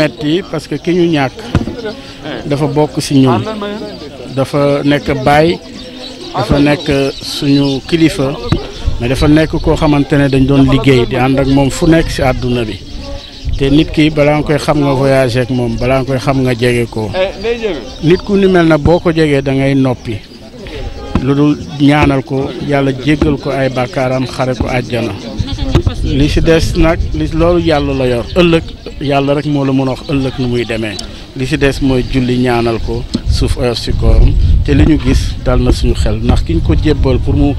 metti parce que ki ñu ñàkk dafa bokk ci ñun dafa nekk baay dafa nekk suñu kilifa ma dafa nekk koo xamante ne dañ doon liggéey di ànd ak moom fu nekk ci àdduna bi te nit ki balaa nga koy xam nga voyagé ak moom balaa nga koy xam nga jege ko nit ku ni mel na boo ko jegee da ngay noppi lu dul ñaanal ko yàlla jéggal ko ay bàkkaaram xare ko àjjana li si des nag li loolu yàlla la yor ëllëg yàlla rek moo la mën a wax ëllëg nu muy demee li si des mooy julli ñaanal ko suuf oyof si kooram te li ñu gis dal na suñu xel ndax ki ñu ko jébbal pour mu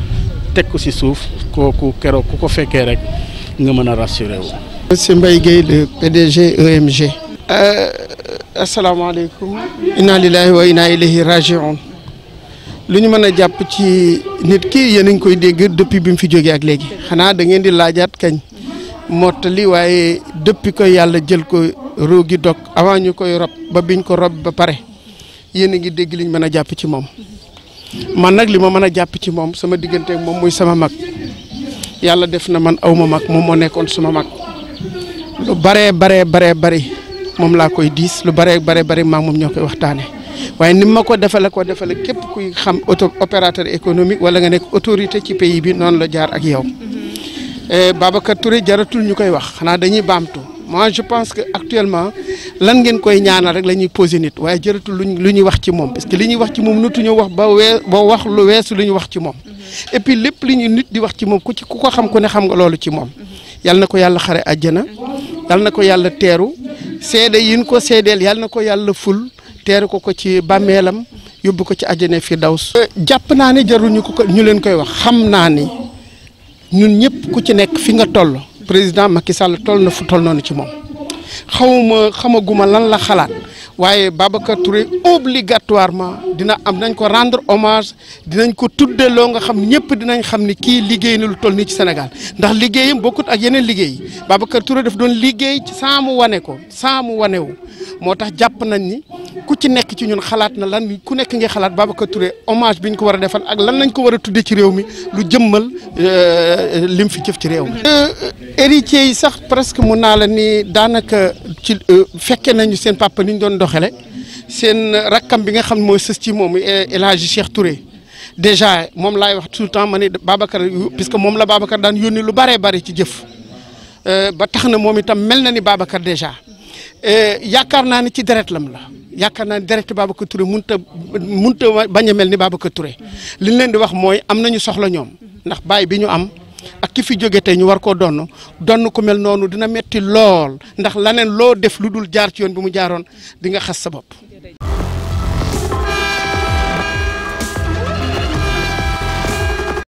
teg ko si suuf kooku keroog ku ko fekkee rek nga mën a rassuré wu. monsieur Mbaye Guèye le PDG EMG. Euh, asalaamaaleykum. inna lillahi wa inna ilayhi rajiun. li ñu mën a jàpp ci nit ki yéen a ngi koy dégg depuis bi mu fi jógee ak léegi xanaa da ngeen di laajaat kañ mottali waaye depuis ko yàlla jël ko ruu gi dog avant ñu koy rob ba biñ ko rob ba pare yéen a ngi dégg liñ mën a jàpp ci moom man nag li ma mën a jàpp ci moom sama diggante moom muy sama mag yàlla def na man aw ma mag moom moo nekkoon suma mag lu baree baree baree bari moom laa koy diis lu baree bare bari maa moom ñoo koy waxtaane waaye ni ma ko defale ko defale képp kuy xam auto opérateur économique wala nga nekk autorité ci pays bi noonu la jaar ak yow eh, Babacar Touré jaratul ñu koy wax xanaa dañuy baamtu moi je pense que actuellement lan ngeen koy ñaanal rek la ñuy posé nit waaye jaratul luñ lu ñuy wax ci moom parce que li ñuy wax ci moom nutuñu wax ba wee ba wax lu weesu lu ñu wax ci moom et lépp li ñu nit di wax ci moom ku ci ku ko xam ko ne xam nga loolu ci moom yal na ko yàlla xare àjjana yal na ko yàlla teeru seede yin ko seedeel yal na ko yàlla ful teere ko ko ci bàmmeelam yóbbu ko ci àjjana firdaws jàpp naa ne jaruñu ko ñu leen koy wax xam naa ni ñun ñëpp ku ci nekk fi nga toll président Macky Sall toll na fu toll noonu ci moom xawma xamaguma lan la xalaat waaye Babacar Touré obligatoirement dina am nañ ko rendre hommage dinañ ko tudde loo nga xam ñëpp dinañ xam ni kii liggéey na lu toll nii ci Sénégal ndax liggéeyam bokkut ak yeneen liggéey Babacar Touré daf doon liggéey ci saa wane ko saamu mu wane moo tax jàpp nañ ni ku ci nekk ci ñun xalaat na lan ku nekk nga xalaat Babacar Touré hommage bi ñu ko war a defal ak lan nañ ko war a tuddee ci réew mi lu jëmmal euh, lim fi jëf ci réew mi. Euh, euh, héritiers yi sax presque mun naa la ni daanaka ci fekkee nañu seen papa ni ñu doon doxale seen rakkam bi nga xam mooy sës ci moom El Hadji Cheikh Touré. déjà moom laay wax tout le temps ma ne Babacar puisque moom la Babacar daan yónni lu baree bare ci jëf ba tax na moom itam mel na ni Babacar déjà yaakaar naa ni ci deretam la. yaakaar naa ne direct Babacar Touré mënut a mënut a bañ a mel ni Babacar Touré mm-hmm. li ñu leen di wax mooy am nañu soxla ñoom mm-hmm. ndax baay bi ñu am ak ki fi jóge tey ñu war koo donn donn ku mel noonu dina metti lool ndax laneen loo def lu dul jaar ci yoon bi mu jaaroon di nga xas sa bopp.